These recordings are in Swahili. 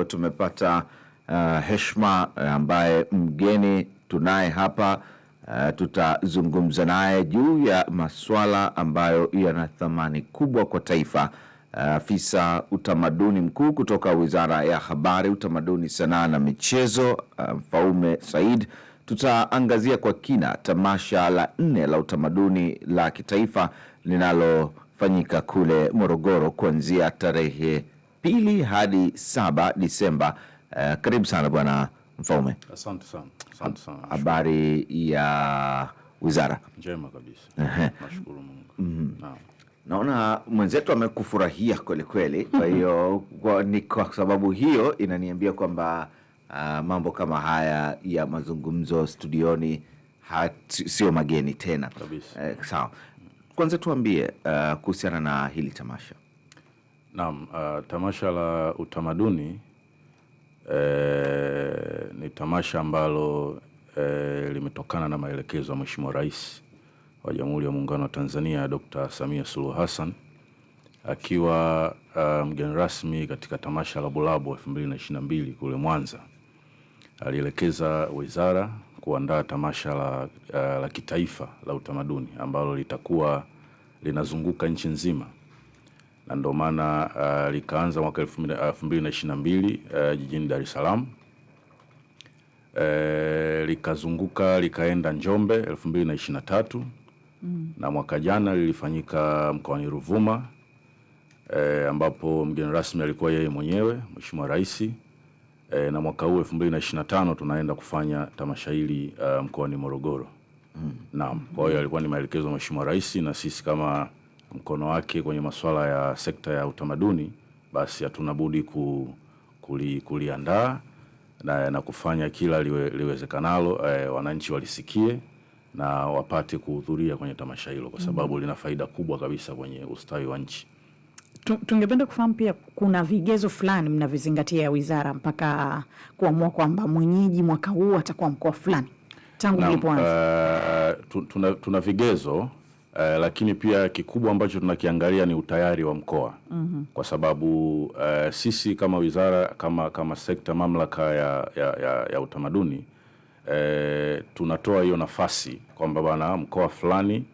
leo tumepata uh, eh, heshima eh, ambaye mgeni tunaye hapa uh, tutazungumza naye juu ya maswala ambayo yana thamani kubwa kwa taifa. Afisa uh, utamaduni mkuu kutoka Wizara ya Habari, Utamaduni, Sanaa na Michezo uh, Mfaume Said tutaangazia kwa kina tamasha la nne la utamaduni la kitaifa linalofanyika kule Morogoro kuanzia tarehe pili hadi saba Disemba. Uh, karibu sana Bwana Mfaume. Asante sana. Asante sana. Habari ya wizara? Njema kabisa. Nashukuru Mungu. Mm -hmm. Naona mwenzetu amekufurahia kweli kweli, kwa hiyo kwa, ni kwa sababu hiyo inaniambia kwamba uh, mambo kama haya ya mazungumzo studioni sio mageni tena. Eh, sawa. kwanza tuambie uh, kuhusiana na hili tamasha. Naam, uh, tamasha la utamaduni e, ni tamasha ambalo e, limetokana na maelekezo ya Mheshimiwa Rais wa Jamhuri ya Muungano wa Tanzania Dr. Samia Suluhu Hassan akiwa uh, mgeni rasmi katika tamasha la Bulabo 2022 kule Mwanza. Alielekeza wizara kuandaa tamasha la, uh, la kitaifa la utamaduni ambalo litakuwa linazunguka nchi nzima na ndio maana uh, likaanza mwaka 2022 uh, uh, jijini Dar es Salaam uh, likazunguka likaenda Njombe 2023 mm. na mwaka jana lilifanyika mkoani Ruvuma uh, ambapo mgeni rasmi alikuwa yeye mwenyewe Mheshimiwa Rais uh, na mwaka huu 2025 tunaenda kufanya tamasha hili uh, mkoani Morogoro mm. Naam, kwa hiyo alikuwa ni maelekezo ya Mheshimiwa Rais na sisi kama mkono wake kwenye masuala ya sekta ya utamaduni, basi hatuna budi ku, kuli, kuliandaa na, na kufanya kila liwe, liwezekanalo eh, wananchi walisikie na wapate kuhudhuria kwenye tamasha hilo kwa sababu lina faida kubwa kabisa kwenye ustawi wa nchi. Tungependa kufahamu pia kuna vigezo fulani mnavizingatia wizara mpaka kuamua kwamba mwenyeji mwaka huu atakuwa mkoa fulani tangu mlipoanza? Uh, tuna, tuna vigezo uh, lakini pia kikubwa ambacho tunakiangalia ni utayari wa mkoa mm -hmm. kwa sababu uh, sisi kama wizara kama kama sekta mamlaka ya, ya, ya, ya utamaduni eh, tunatoa hiyo nafasi kwamba bana mkoa fulani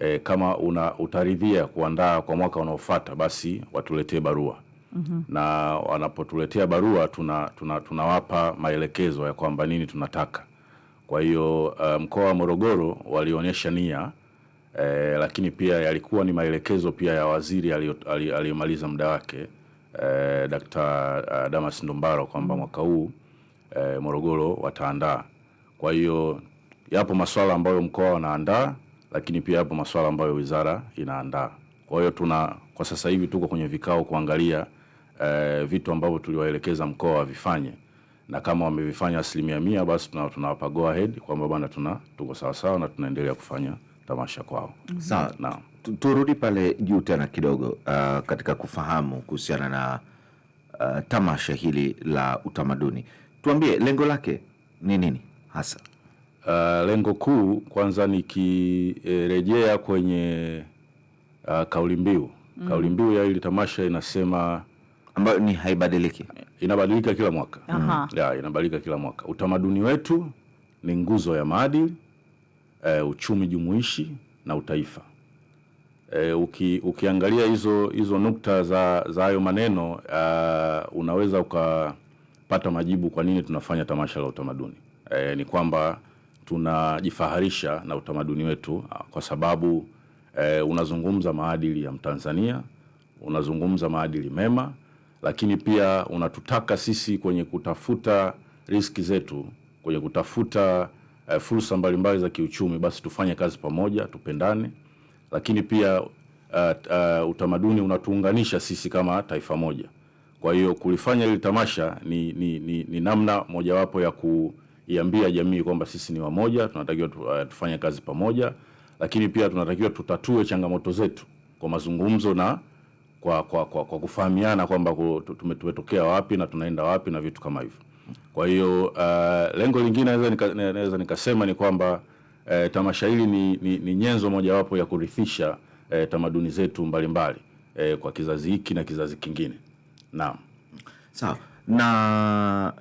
eh, kama una utaridhia kuandaa kwa mwaka unaofuata basi watuletee barua mm -hmm. na wanapotuletea barua tunawapa tuna, tuna maelekezo ya kwamba nini tunataka. Kwa hiyo uh, mkoa wa Morogoro walionyesha nia e, lakini pia yalikuwa ni maelekezo pia ya waziri aliyemaliza muda wake e, eh, Dkt. Damas Ndumbaro kwamba mwaka huu e, Morogoro wataandaa. Kwa hiyo yapo masuala ambayo mkoa wanaandaa, lakini pia yapo masuala ambayo wizara inaandaa. Kwa hiyo tuna kwa sasa hivi tuko kwenye vikao kuangalia e, vitu ambavyo tuliwaelekeza mkoa wavifanye na kama wamevifanya asilimia mia basi tunawapa go ahead kwamba bwana tuna tuko sawasawa na tunaendelea kufanya tamasha kwao. Mhm. Sawa, Turudi pale juu tena kidogo uh, katika kufahamu kuhusiana na uh, tamasha hili la utamaduni, tuambie lengo lake ni nini hasa? Uh, lengo kuu kwanza nikirejea e, kwenye uh, kauli mbiu mm. Kauli mbiu ya hili tamasha inasema ambayo ni haibadiliki, inabadilika kila mwaka mm. Ya, inabadilika kila mwaka. Utamaduni wetu ni nguzo ya maadili e, uchumi jumuishi na utaifa. E, uki, ukiangalia hizo hizo nukta za za hayo maneno uh, unaweza ukapata majibu kwa nini tunafanya tamasha la utamaduni. E, ni kwamba tunajifaharisha na utamaduni wetu ah, kwa sababu e, unazungumza maadili ya Mtanzania, unazungumza maadili mema, lakini pia unatutaka sisi kwenye kutafuta riski zetu, kwenye kutafuta uh, fursa mbalimbali za kiuchumi, basi tufanye kazi pamoja, tupendane, lakini pia uh, uh, utamaduni unatuunganisha sisi kama taifa moja. Kwa hiyo kulifanya hili tamasha ni, ni, ni, ni namna mojawapo ya kuiambia jamii kwamba sisi ni wamoja, tunatakiwa tu, uh, tufanye kazi pamoja, lakini pia tunatakiwa tutatue changamoto zetu kwa mazungumzo na kwa, kwa, kwa, kwa kufahamiana kwamba tumetokea wapi na tunaenda wapi na vitu kama hivyo. Kwa hiyo uh, lengo lingine naweza nikasema ni kwamba eh, tamasha hili ni, ni, ni nyenzo mojawapo ya kurithisha eh, tamaduni zetu mbalimbali mbali, eh, kwa kizazi hiki na kizazi kingine. Naam, sawa na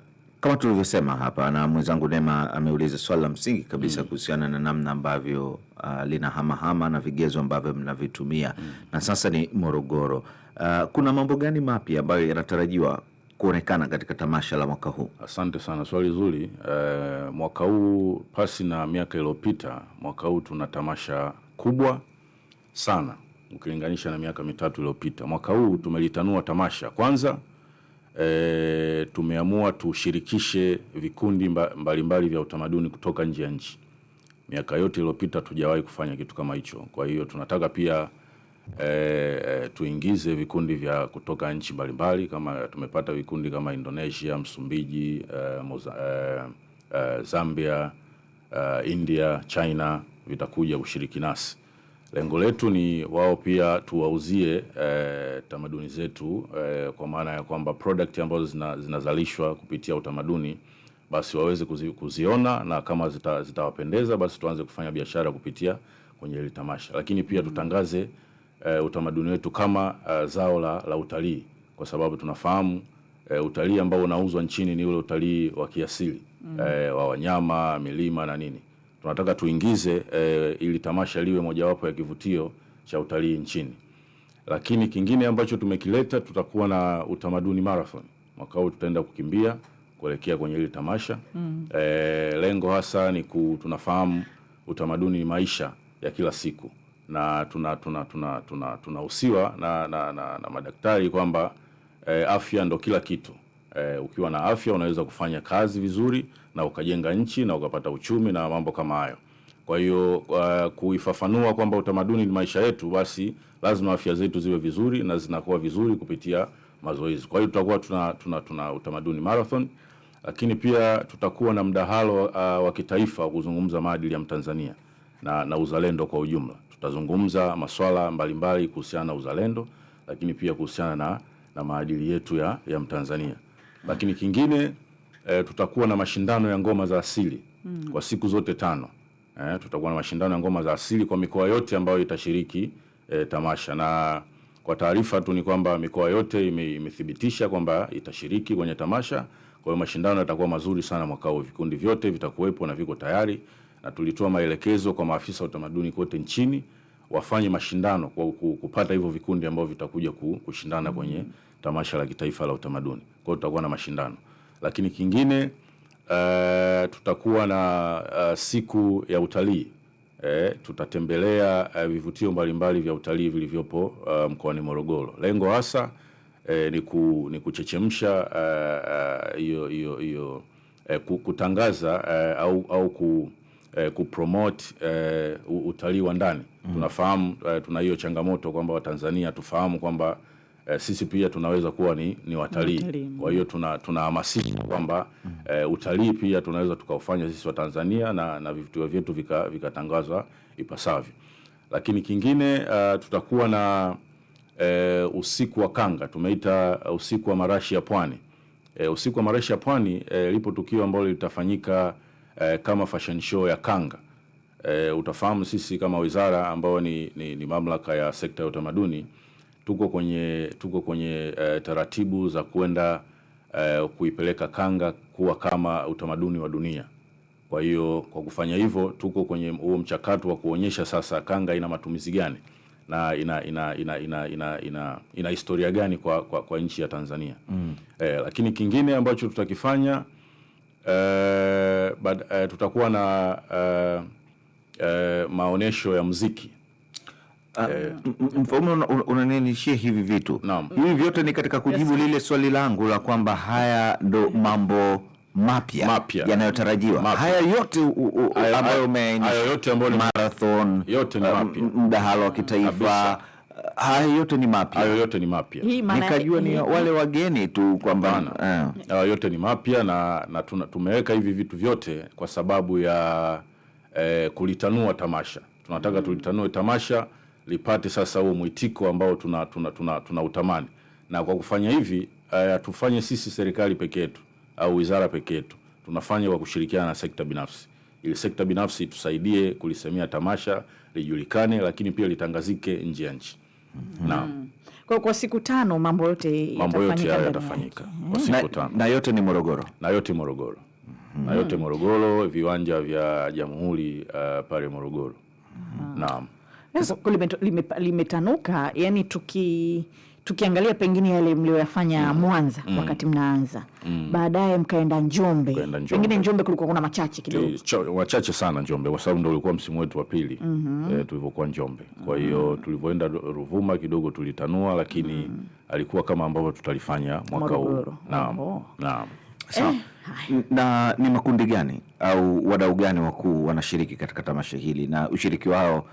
kama tulivyosema hapa na mwenzangu Nema ameuliza swali la msingi kabisa mm. kuhusiana na namna ambavyo uh, lina hamahama na vigezo ambavyo mnavitumia mm. na sasa ni Morogoro. Uh, kuna mambo gani mapya ambayo yanatarajiwa kuonekana katika tamasha la mwaka huu? Asante sana, swali zuri. E, mwaka huu pasi na miaka iliyopita, mwaka huu tuna tamasha kubwa sana ukilinganisha na miaka mitatu iliyopita. Mwaka huu tumelitanua tamasha kwanza. E, tumeamua tushirikishe vikundi mbalimbali mbali vya utamaduni kutoka nje ya nchi. Miaka yote iliyopita tujawahi kufanya kitu kama hicho, kwa hiyo tunataka pia e, tuingize vikundi vya kutoka nchi mbalimbali kama tumepata vikundi kama Indonesia, Msumbiji, e, Moza, e, e, Zambia, e, India, China vitakuja kushiriki nasi. Lengo letu ni wao pia tuwauzie e, tamaduni zetu e, kwa maana ya kwamba product ambazo zinazalishwa zina kupitia utamaduni basi waweze kuzi, kuziona na kama zitawapendeza zita basi tuanze kufanya biashara kupitia kwenye hili tamasha, lakini pia tutangaze e, utamaduni wetu kama e, zao la, la utalii kwa sababu tunafahamu e, utalii ambao unauzwa nchini ni ule utalii wa kiasili mm. e, wa wanyama, milima na nini. Tunataka tuingize e, ili tamasha liwe mojawapo ya kivutio cha utalii nchini. Lakini kingine ambacho tumekileta, tutakuwa na utamaduni marathon mwaka huu, tutaenda kukimbia kuelekea kwenye ile tamasha mm. E, lengo hasa ni ku, tunafahamu utamaduni ni maisha ya kila siku na tuna tuna tuna tunahusiwa na, na, na, na madaktari kwamba e, afya ndo kila kitu. e, ukiwa na afya unaweza kufanya kazi vizuri na ukajenga nchi na ukapata uchumi na mambo kama hayo. Kwa hiyo uh, kuifafanua kwamba utamaduni ni maisha yetu, basi lazima afya zetu ziwe vizuri na zinakuwa vizuri kupitia mazoezi. Kwa hiyo tutakuwa tuna, tuna, tuna utamaduni marathon, lakini pia tutakuwa na mdahalo uh, wa kitaifa wa kuzungumza maadili ya Mtanzania na, na uzalendo kwa ujumla tutazungumza masuala mbalimbali kuhusiana na uzalendo, lakini pia kuhusiana na, na maadili yetu ya, ya Mtanzania. Lakini kingine e, tutakuwa na mashindano ya ngoma za asili mm. kwa siku zote tano e, tutakuwa na mashindano ya ngoma za asili kwa mikoa yote ambayo itashiriki e, tamasha na kwa taarifa tu ni kwamba mikoa yote ime, imethibitisha kwamba itashiriki kwenye tamasha. Kwa hiyo mashindano yatakuwa mazuri sana mwaka huu, vikundi vyote vitakuwepo na viko tayari na tulitoa maelekezo kwa maafisa wa utamaduni kote nchini wafanye mashindano kwa kupata hivyo vikundi ambavyo vitakuja kushindana kwenye tamasha la kitaifa la utamaduni. Kwa hiyo tutakuwa na mashindano, lakini kingine uh, tutakuwa na uh, siku ya utalii eh, tutatembelea uh, vivutio mbalimbali vya utalii vilivyopo uh, mkoani Morogoro. Lengo hasa eh, ni, ku, ni kuchechemsha hiyo uh, uh, hiyo eh, kutangaza uh, au, au ku eh, kupromote eh, utalii wa ndani mm. Tunafahamu eh, tuna hiyo changamoto kwamba Watanzania tufahamu kwamba eh, sisi pia tunaweza kuwa ni, ni watalii. Mm-hmm. Kwa hiyo tunahamasisha tuna mm-hmm. kwamba eh, utalii pia tunaweza tukaufanya sisi Watanzania na, na vivutio vyetu vikatangazwa vika ipasavyo, lakini kingine uh, tutakuwa na eh, usiku wa kanga tumeita eh, usiku wa marashi ya pwani. Eh, usiku wa marashi ya pwani eh, lipo tukio ambalo litafanyika eh, kama fashion show ya kanga eh, utafahamu sisi kama wizara ambayo ni, ni, ni mamlaka ya sekta ya utamaduni tuko kwenye, tuko kwenye eh, taratibu za kwenda eh, kuipeleka kanga kuwa kama utamaduni wa dunia. Kwa hiyo kwa kufanya hivyo tuko kwenye huo mchakato wa kuonyesha sasa kanga ina matumizi gani na ina ina ina ina ina, ina, ina historia gani kwa, kwa, kwa nchi ya Tanzania mm. Eh, lakini kingine ambacho tutakifanya but, uh, eh, eh, tutakuwa na uh, eh, uh, maonyesho ya muziki uh, mfaume unanenishia una hivi vitu Hivi vyote ni katika kujibu yes, lile swali langu la kwamba haya ndo mambo mapya mapya yanayotarajiwa. Haya yote ambayo umeainisha, marathon, yote ni um, mapya, mdahalo wa kitaifa hayo yote ni mapya, hayo yote ni mapya. Nikajua ni wale wageni tu kwamba eh. hayo yote ni mapya na, na tumeweka hivi vitu vyote kwa sababu ya eh, kulitanua tamasha. Tunataka mm. tulitanue tamasha lipate sasa huo mwitiko ambao tuna, tuna, tuna, tuna utamani na kwa kufanya hivi hatufanye eh, sisi serikali peke yetu au wizara peke yetu, tunafanya kwa kushirikiana na sekta binafsi ili sekta binafsi itusaidie kulisemea tamasha lijulikane, lakini pia litangazike nje ya nchi. Naam. Mm. Kwa, kwa siku tano mambo yote mambo yote hayo yatafanyika kwa mm. siku tano na yote ni Morogoro na yote Morogoro mm-hmm. na yote Morogoro, viwanja vya Jamhuri uh, pale Morogoro. Mm-hmm. Naam, limetanuka, yani tuki tukiangalia pengine yale mlioyafanya mm. Mwanza mm. wakati mnaanza mm. baadaye mkaenda Njombe. Njombe pengine Njombe kulikuwa kuna machache kidogo, eh, wachache sana Njombe kwa sababu ndio ulikuwa msimu wetu wa pili mm -hmm. e, tulivyokuwa Njombe. Kwa mm. hiyo mm -hmm. tulivyoenda Ruvuma kidogo tulitanua, lakini mm -hmm. alikuwa kama ambavyo tutalifanya mwaka huu. Naam. Oh. Naam. Eh. Na ni makundi gani au wadau gani wakuu wanashiriki katika tamasha hili na ushiriki wao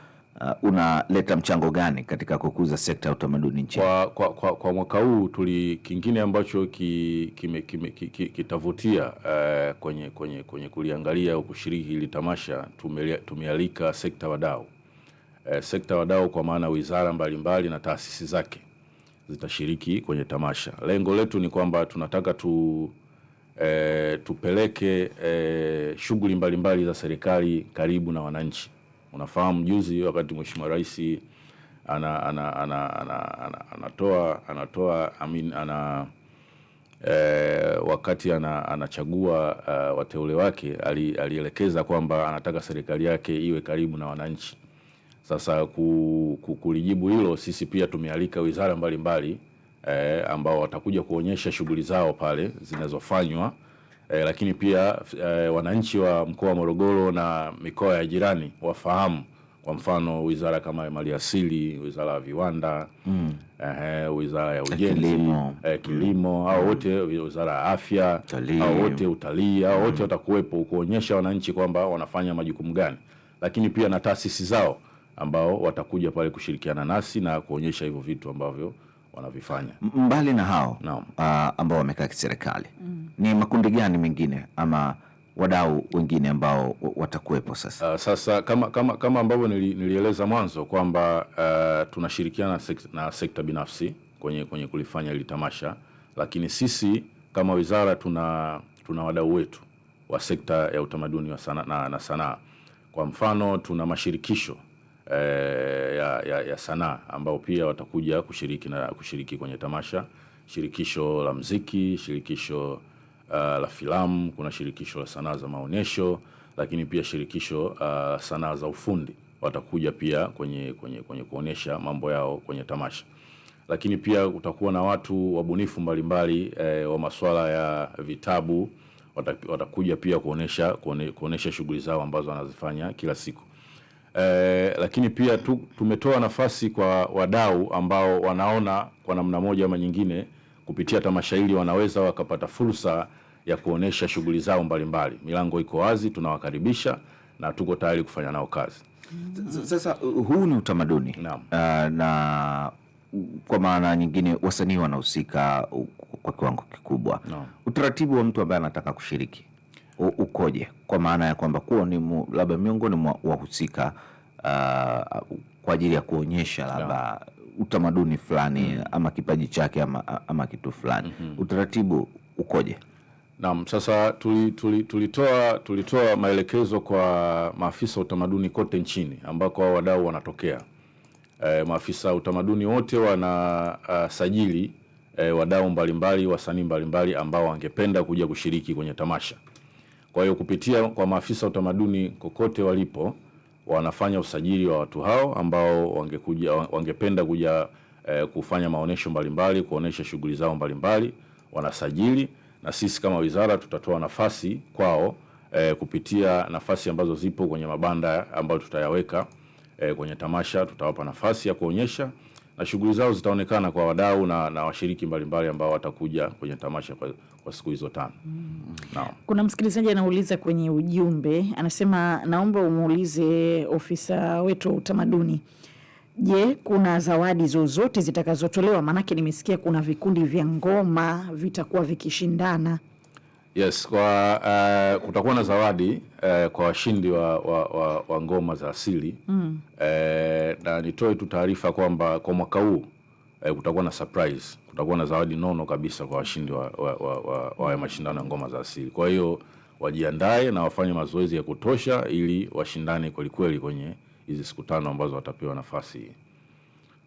uh, unaleta mchango gani katika kukuza sekta ya utamaduni nchini? Kwa, kwa, kwa, kwa mwaka huu tuli kingine ambacho ki, kime, kime, ki, kitavutia uh, kwenye, kwenye, kwenye kuliangalia au kushiriki hili tamasha tumealika sekta wadau uh, sekta wadau kwa maana wizara mbalimbali na taasisi zake zitashiriki kwenye tamasha. Lengo letu ni kwamba tunataka tu E, tupeleke e, shughuli mbalimbali za serikali karibu na wananchi. Unafahamu juzi wakati Mheshimiwa Rais ana ana ana ana anatoa anatoa I mean ana e, wakati ana, anachagua uh, wateule wake ali, alielekeza kwamba anataka serikali yake iwe karibu na wananchi. Sasa ku, ku, kulijibu hilo sisi pia tumealika wizara mbalimbali e, ambao watakuja kuonyesha shughuli zao pale zinazofanywa eh, lakini pia eh, wananchi wa mkoa wa Morogoro na mikoa ya jirani wafahamu kwa mfano wizara kama maliasili, wizara ya viwanda mm. eh, wizara ya ujenzi, kilimo, eh, kilimo au mm. wote wizara ya afya au wote utalii au wote mm. watakuwepo kuonyesha wananchi kwamba wanafanya majukumu gani, lakini pia na taasisi zao ambao watakuja pale kushirikiana nasi na kuonyesha hivyo vitu ambavyo wanavifanya. Mbali na hao no. uh, ambao wamekaa kiserikali mm. ni makundi gani mengine ama wadau wengine ambao watakuwepo sasa? Uh, sasa kama, kama, kama ambavyo nili, nilieleza mwanzo kwamba uh, tunashirikiana na sekta binafsi kwenye, kwenye kulifanya hili tamasha, lakini sisi kama wizara tuna, tuna wadau wetu wa sekta ya utamaduni wa sana, na, na sanaa. Kwa mfano tuna mashirikisho e, ya, ya, ya sanaa ambao pia watakuja kushiriki, na, kushiriki kwenye tamasha shirikisho la mziki, shirikisho uh, la filamu, kuna shirikisho la sanaa za maonyesho, lakini pia shirikisho uh, sanaa za ufundi watakuja pia kwenye, kwenye, kwenye kuonesha mambo yao kwenye tamasha lakini pia utakuwa na watu wabunifu mbalimbali e, wa masuala ya vitabu watakuja pia kuonesha kuonesha shughuli zao ambazo wanazifanya kila siku eh, lakini pia tu, tumetoa nafasi kwa wadau ambao wanaona kwa namna moja ama nyingine kupitia tamasha hili wanaweza wakapata fursa ya kuonesha shughuli zao mbalimbali. Milango iko wazi, tunawakaribisha na tuko tayari kufanya nao kazi. Sasa uh, huu ni utamaduni na, uh, na kwa maana nyingine wasanii wanahusika uh, kwa kiwango kikubwa no. Utaratibu wa mtu ambaye anataka kushiriki ukoje, kwa maana ya kwamba kuwa ni labda miongoni mwa wahusika uh, kwa ajili ya kuonyesha labda utamaduni fulani mm. ama kipaji chake ama, ama kitu fulani mm -hmm. utaratibu ukoje? Naam, sasa tulitoa tuli, tulitoa maelekezo kwa maafisa utamaduni kote nchini ambako hao wadau wanatokea. E, maafisa utamaduni wote wanasajili uh, e, eh, wadau mbalimbali, wasanii mbalimbali ambao wangependa kuja kushiriki kwenye tamasha. Kwa hiyo kupitia kwa maafisa utamaduni kokote walipo wanafanya usajili wa watu hao ambao wangekuja, wangependa kuja eh, kufanya maonesho mbalimbali, kuonesha shughuli zao mbalimbali, wanasajili na sisi kama wizara tutatoa nafasi kwao eh, kupitia nafasi ambazo zipo kwenye mabanda ambayo tutayaweka eh, kwenye tamasha tutawapa nafasi ya kuonyesha na shughuli zao zitaonekana kwa wadau na, na washiriki mbalimbali ambao watakuja kwenye tamasha kwa, kwa siku hizo tano. Mm. No. Kuna msikilizaji anauliza kwenye ujumbe anasema, naomba umuulize ofisa wetu wa utamaduni, je, kuna zawadi zozote zitakazotolewa? Maanake nimesikia kuna vikundi vya ngoma vitakuwa vikishindana. Yes, kwa uh, kutakuwa na zawadi uh, kwa washindi wa, wa, wa, wa ngoma za asili mm. Uh, na nitoe tu taarifa kwamba kwa mwaka huu uh, kutakuwa na surprise, kutakuwa na zawadi nono kabisa kwa washindi wa, wa, wa, wa, wa mashindano ya ngoma za asili. Kwa hiyo wajiandae na wafanye mazoezi ya kutosha ili washindane kwelikweli kwenye hizi siku tano ambazo watapewa nafasi hii.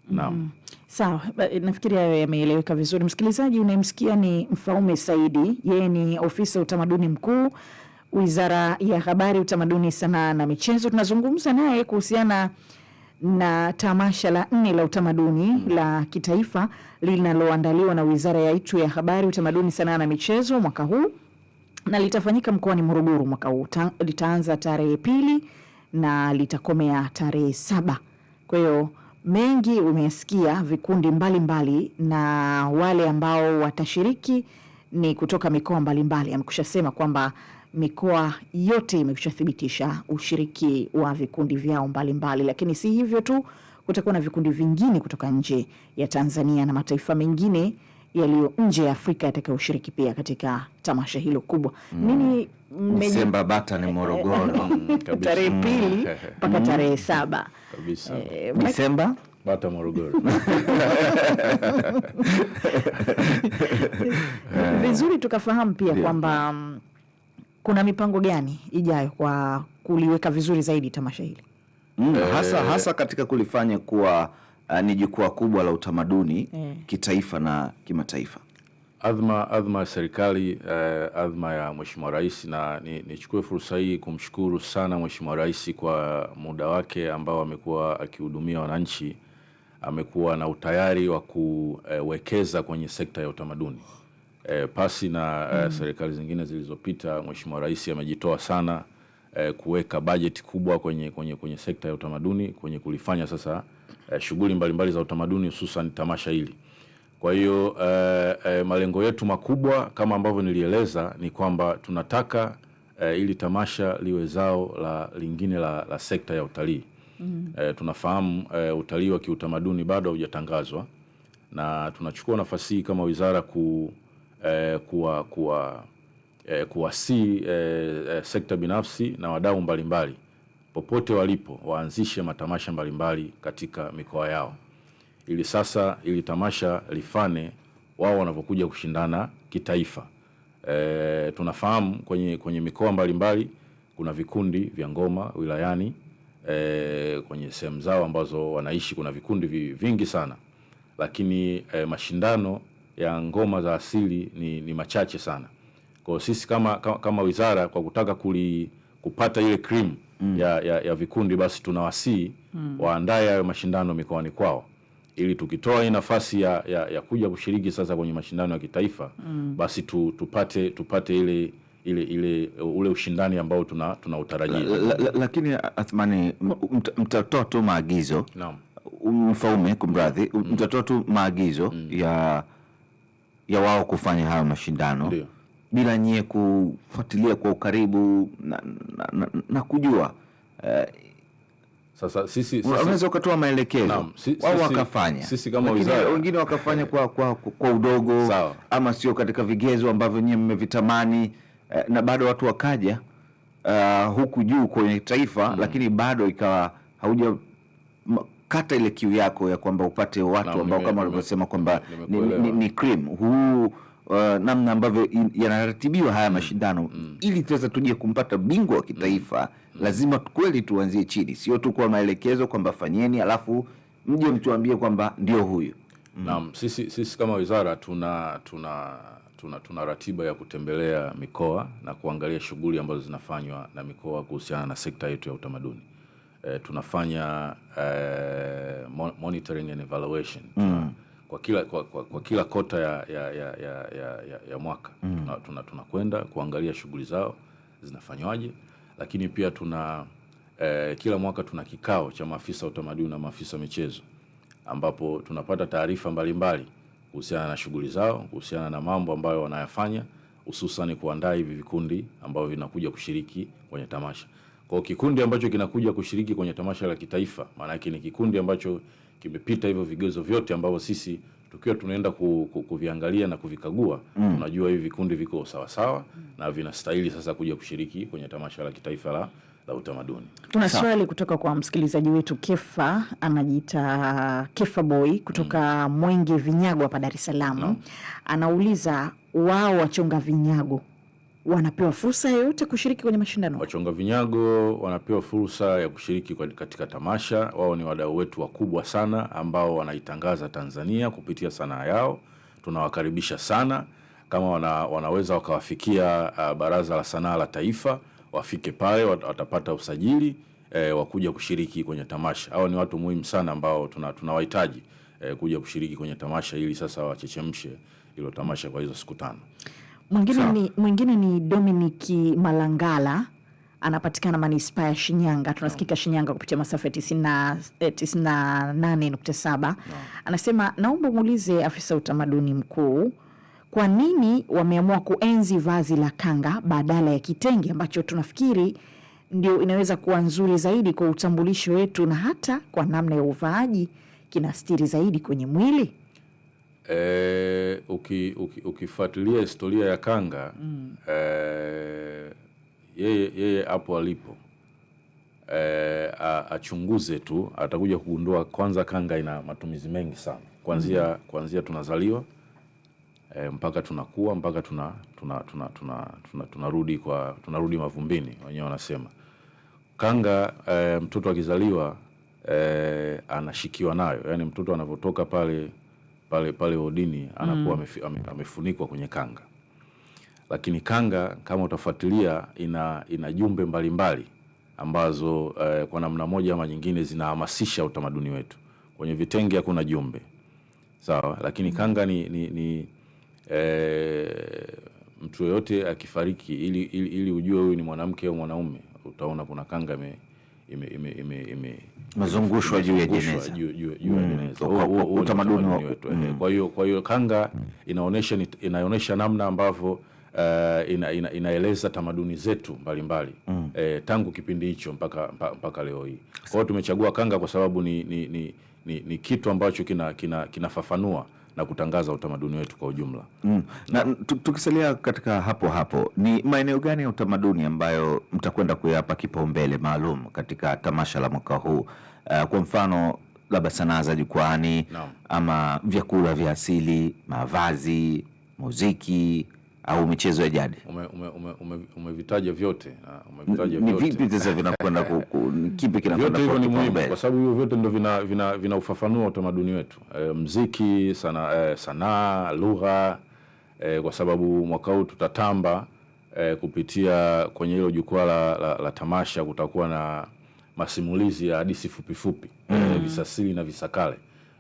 Naam. Mm. Sawa, nafikiri hayo yameeleweka vizuri. Msikilizaji unayemsikia ni Mfaume Saidi, yeye ni ofisa utamaduni mkuu Wizara ya Habari, Utamaduni, Sanaa na Michezo. Tunazungumza naye kuhusiana na tamasha la nne la utamaduni la kitaifa linaloandaliwa na wizara ya itu ya Habari, Utamaduni, Sanaa na Michezo mwaka huu na litafanyika mkoani Morogoro mwaka huu. Litaanza tarehe pili na litakomea tarehe saba. Kwa hiyo mengi umesikia vikundi mbalimbali mbali, na wale ambao watashiriki ni kutoka mikoa mbalimbali. Amekusha sema kwamba mikoa yote imekusha thibitisha ushiriki wa vikundi vyao mbalimbali mbali. Lakini si hivyo tu, kutakuwa na vikundi vingine kutoka nje ya Tanzania na mataifa mengine yaliyo nje ya Afrika yatakayoshiriki pia katika tamasha hilo kubwa. Nini mm. Desemba bata ni Morogoro mm, mm, tarehe pili mpaka tarehe saba Desemba eh, bata Morogoro. Vizuri tukafahamu pia yeah, kwamba kuna mipango gani ijayo kwa kuliweka vizuri zaidi tamasha hili mm, hasa eh. hasa katika kulifanya kuwa uh, ni jukwaa kubwa la utamaduni mm. kitaifa na kimataifa. Adhma, adhma ya serikali eh, adhma ya Mheshimiwa Rais, na nichukue ni fursa hii kumshukuru sana Mheshimiwa Rais kwa muda wake ambao amekuwa akihudumia wananchi. Amekuwa na utayari wa kuwekeza kwenye sekta ya utamaduni eh, pasi na eh, mm. serikali zingine zilizopita. Mheshimiwa Rais amejitoa sana eh, kuweka bajeti kubwa kwenye, kwenye, kwenye sekta ya utamaduni kwenye kulifanya sasa eh, shughuli mbalimbali za utamaduni hususan tamasha hili. Kwa hiyo eh, eh, malengo yetu makubwa kama ambavyo nilieleza ni kwamba tunataka eh, ili tamasha liwe zao la lingine la, la sekta ya utalii. Mm -hmm. Eh, tunafahamu eh, utalii wa kiutamaduni bado haujatangazwa na tunachukua nafasi hii kama wizara ku eh, kuwa, kuwa, eh, kuwasii eh, eh sekta binafsi na wadau mbalimbali popote walipo waanzishe matamasha mbalimbali katika mikoa yao, ili sasa ili tamasha lifane wao wanapokuja kushindana kitaifa. E, tunafahamu kwenye, kwenye mikoa mbalimbali kuna vikundi vya ngoma wilayani e, kwenye sehemu zao ambazo wanaishi kuna vikundi vingi sana, lakini e, mashindano ya ngoma za asili ni, ni machache sana. Kwa sisi kama, kama, kama wizara kwa kutaka kuli kupata ile cream mm. ya, ya, ya vikundi, basi tunawasii mm. waandae hayo mashindano mikoani kwao ili tukitoa hii nafasi ya, ya, ya kuja kushiriki sasa kwenye mashindano ya kitaifa mm. basi tu, tupate, tupate ile ile ile ule ushindani ambao tuna tunautarajia. la, la, la, lakini Athmani, mtatoa tu maagizo naam, mfaume kumradhi, mm. mtatoa tu maagizo mm. ya ya wao kufanya hayo mashindano Ndiyo bila nyie kufuatilia kwa ukaribu na, na, na, na kujua sasa sisi unaweza ukatoa maelekezo wao wakafanya, sisi kama wizara, wengine wakafanya kwa, kwa, kwa udogo sawa, ama sio katika vigezo ambavyo nyie mmevitamani eh, na bado watu wakaja uh, huku juu kwenye taifa hmm. lakini bado ikawa hauja kata ile kiu yako ya kwamba upate watu ambao kama walivyosema kwamba ni cream huu Uh, namna ambavyo yanaratibiwa haya mashindano mm. mm. ili tuweza tuje kumpata bingwa wa kitaifa mm, mm. lazima kweli tuanzie chini, sio tu kwa maelekezo kwamba fanyeni, alafu mje mtuambie kwamba ndio huyu mm. sisi, sisi kama wizara tuna tuna tuna tuna ratiba ya kutembelea mikoa na kuangalia shughuli ambazo zinafanywa na mikoa kuhusiana na sekta yetu ya utamaduni. E, tunafanya e, monitoring and evaluation mm kwa kila kwa, kwa, kwa kila kota ya, ya, ya, ya, ya, ya mwaka mm. Tunakwenda tuna, tuna kuangalia shughuli zao zinafanywaje, lakini pia tuna eh, kila mwaka tuna kikao cha maafisa utamaduni na maafisa michezo ambapo tunapata taarifa mbalimbali kuhusiana na shughuli zao, kuhusiana na mambo ambayo wanayafanya, hususan kuandaa hivi vikundi ambavyo vinakuja kushiriki kwenye tamasha. Kwa kikundi ambacho kinakuja kushiriki kwenye tamasha la kitaifa, maana yake ni kikundi ambacho kimepita hivyo vigezo vyote ambavyo sisi tukiwa tunaenda ku, ku, kuviangalia na kuvikagua mm. Tunajua hivi vikundi viko sawasawa mm. na vinastahili sasa kuja kushiriki kwenye tamasha la kitaifa la la utamaduni. Tuna swali kutoka kwa msikilizaji wetu Kefa, anajiita uh, Kefa Boy kutoka mm. Mwenge Vinyago hapa Dar es Salaam no. Anauliza wao wachonga vinyago wanapewa fursa yoyote kushiriki kwenye mashindano? Wachonga vinyago wanapewa fursa ya kushiriki katika tamasha. Wao ni wadau wetu wakubwa sana ambao wanaitangaza Tanzania kupitia sanaa yao. Tunawakaribisha sana kama wana, wanaweza wakawafikia uh, Baraza la Sanaa la Taifa, wafike pale watapata usajili eh, wa kuja kushiriki kwenye tamasha. Hao ni watu muhimu sana ambao tunawahitaji tuna eh, kuja kushiriki kwenye tamasha ili sasa wachechemshe hilo tamasha kwa hizo siku tano. Mwingine ni, mwingine ni Dominic Malangala anapatikana manispaa ya Shinyanga, tunasikika Shinyanga kupitia masafa ya 98.7. No. Eh, Anasema naomba muulize afisa utamaduni mkuu kwa nini wameamua kuenzi vazi la kanga badala ya kitenge ambacho tunafikiri ndio inaweza kuwa nzuri zaidi kwa utambulisho wetu na hata kwa namna ya uvaaji kinastiri zaidi kwenye mwili e, eh, ukifuatilia uki, ukifuatilia historia ya Kanga mm. e, yeye yeye hapo alipo e, a, achunguze tu atakuja kugundua. Kwanza Kanga ina matumizi mengi sana kuanzia mm. Mm-hmm. kuanzia tunazaliwa e, mpaka tunakuwa mpaka tuna tunarudi tuna, tuna, tuna, tuna, tunarudi kwa tunarudi mavumbini wenyewe wanasema Kanga e, mtoto akizaliwa e, anashikiwa nayo, yaani mtoto anavyotoka pale pale pale wodini anakuwa mm. amefunikwa kwenye kanga, lakini kanga kama utafuatilia ina, ina jumbe mbalimbali ambazo eh, kwa namna moja ama nyingine zinahamasisha utamaduni wetu. Kwenye vitenge hakuna jumbe sawa, lakini mm. kanga ni, ni, ni eh, mtu yoyote akifariki, ili, ili, ili ujue huyu ni mwanamke au mwanaume, utaona kuna kanga me, ime, ime, ime, ime mazungushwa juu ya jeneza utamaduni wetu. Eh. Mm. Kwa hiyo kwa hiyo kanga mm. inaonesha inaonesha namna ambavyo uh, ina, ina, inaeleza tamaduni zetu mbalimbali mbali. Mm. Eh, tangu kipindi hicho mpaka, mpaka leo hii. Kwa hiyo tumechagua kanga kwa sababu ni, ni, ni, ni, ni kitu ambacho kinafafanua kina, kina na kutangaza utamaduni wetu kwa ujumla mm. Na, na tukisalia katika hapo hapo, ni maeneo gani ya utamaduni ambayo mtakwenda kuyapa kipaumbele maalum katika tamasha la mwaka huu? Uh, kwa mfano labda sanaa za jukwaani no. ama vyakula vya asili, mavazi, muziki au michezo ya jadi. Umevitaja vyote, ah, ni vipi sasa vinakwenda, kipi kinakwenda? kwa hivyo ni muhimu, kwa sababu hiyo vyote ndio vina, vina, ufafanua utamaduni wetu e, mziki sana, e, sanaa, lugha e, kwa sababu mwaka huu tutatamba e, kupitia kwenye hilo jukwaa la, la, la tamasha. Kutakuwa na masimulizi ya hadithi fupifupi mm. e, visasili na visakale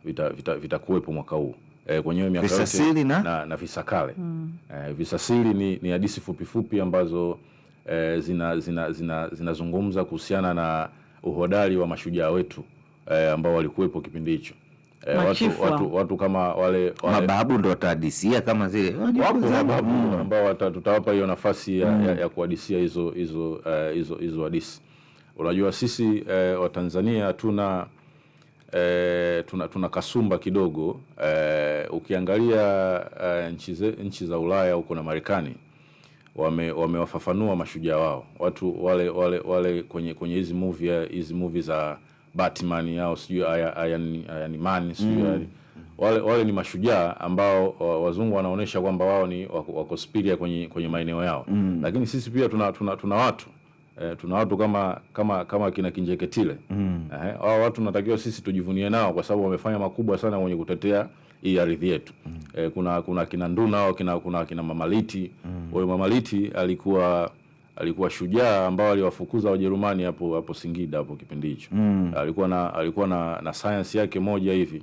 vitakuwepo vita, vita mwaka huu eh, kwenye hiyo miaka yote na, na, na, visa kale mm. Eh, visa siri ni, ni hadithi fupifupi ambazo e, eh, zinazungumza zina, zina, zina kuhusiana na uhodari wa mashujaa wetu eh, ambao walikuwepo kipindi hicho. eh, watu, watu, watu kama wale, wale mababu ndio watahadisia kama zile wapo mababu ambao hmm. tutawapa hiyo nafasi ya, mm. ya, hmm. ya kuhadisia hizo hizo eh, hizo uh, hadithi. Unajua sisi uh, eh, Watanzania hatuna e, tuna, tuna kasumba kidogo e, ukiangalia e, nchi, ze, nchi za Ulaya huko na Marekani wamewafafanua wame mashujaa wao watu wale wale wale kwenye kwenye hizi movie hizi movie za Batman au sijui Iron Man sijui mm. wale, wale ni mashujaa ambao wazungu wanaonyesha kwamba wao ni wako, wako kwenye, kwenye maeneo yao mm. Lakini sisi pia tuna, tuna, tuna watu E, tuna watu kama kama kama kina Kinjeketile mm. Eh, hao watu natakiwa sisi tujivunie nao kwa sababu wamefanya makubwa sana kwenye kutetea hii ardhi yetu mm. E, kuna kuna kina Nduna au kina kuna kina Mamaliti mm. huyo Mamaliti alikuwa alikuwa shujaa ambao aliwafukuza Wajerumani hapo hapo Singida hapo kipindi hicho mm. alikuwa na alikuwa na, na sayansi yake moja hivi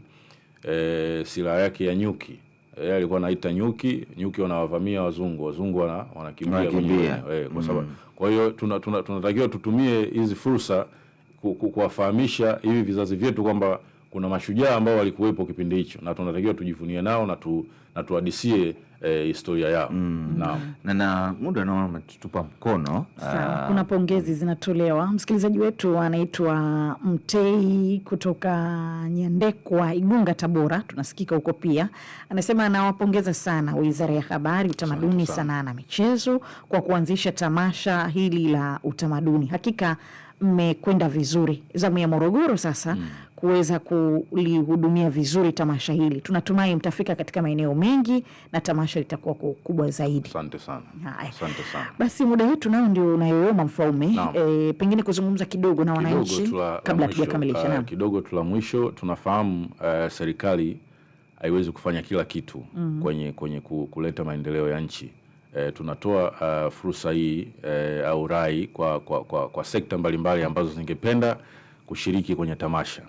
e, silaha yake ya nyuki yeye eh, alikuwa anaita nyuki, nyuki wanawavamia wazungu, wazungu wana, wanakimbia wenyewe eh, kwa sababu mm. Kwa hiyo tunatakiwa tuna, tuna tutumie hizi fursa kuwafahamisha hivi vizazi vyetu kwamba kuna mashujaa ambao walikuwepo kipindi hicho na tunatakiwa tujivunie nao na tu, na tuhadisie Eh, historia yao mm. na, na, na muda naona umetupa mkono. Ah, kuna pongezi zinatolewa. Msikilizaji wetu anaitwa Mtei kutoka Nyandekwa, Igunga, Tabora, tunasikika huko pia. Anasema anawapongeza sana Wizara ya Habari, Utamaduni, Sanaa na Michezo kwa kuanzisha tamasha hili la utamaduni. Hakika mmekwenda vizuri. Zamu ya Morogoro sasa mm. kuweza kulihudumia vizuri tamasha hili. Tunatumai mtafika katika maeneo mengi na tamasha litakuwa kubwa zaidi. Asante sana. Asante sana. Basi muda wetu nao ndio unayoyoma, Mfaume E, pengine kuzungumza kidogo na wananchi kabla tujakamilisha. Ah, Naam, kidogo tu la mwisho, tunafahamu uh, serikali haiwezi kufanya kila kitu mm -hmm. kwenye, kwenye kuleta maendeleo ya nchi E, tunatoa uh, fursa hii e, au rai kwa, kwa, kwa, kwa sekta mbalimbali ambazo zingependa kushiriki kwenye tamasha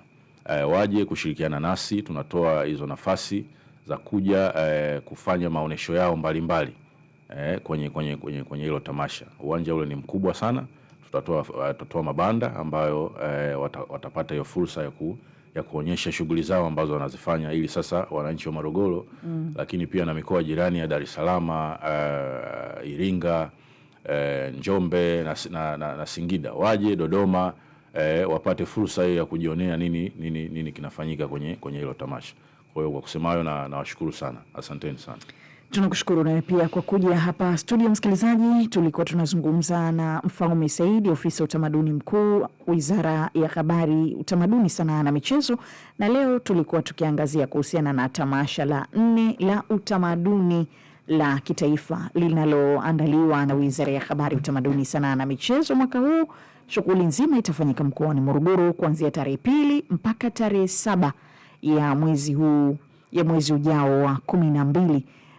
e, waje kushirikiana nasi. Tunatoa hizo nafasi za kuja e, kufanya maonesho yao mbalimbali mbali, e, kwenye kwenye kwenye kwenye hilo tamasha. Uwanja ule ni mkubwa sana, tutatoa tutatoa mabanda ambayo e, watapata hiyo fursa ya ku ya kuonyesha shughuli zao ambazo wanazifanya ili sasa wananchi wa Morogoro mm. lakini pia na mikoa jirani ya Dar es Salaam, uh, Iringa, uh, Njombe na, na, na, na Singida waje Dodoma uh, wapate fursa hiyo ya kujionea nini, nini, nini kinafanyika kwenye kwenye hilo tamasha. Kwa hiyo kwa kusema hayo na nawashukuru sana, asanteni sana. Tunakushukuru nawe pia kwa kuja hapa studio. Msikilizaji, tulikuwa tunazungumza na Mfaume Saidi, ofisa utamaduni mkuu, wizara ya habari, utamaduni, sanaa na michezo, na leo tulikuwa tukiangazia kuhusiana na tamasha la nne la utamaduni la kitaifa linaloandaliwa na wizara ya habari, utamaduni, sanaa na michezo mwaka huu. Shughuli nzima itafanyika mkoani Morogoro kuanzia tarehe pili mpaka tarehe saba ya mwezi huu ya mwezi ujao wa kumi na mbili.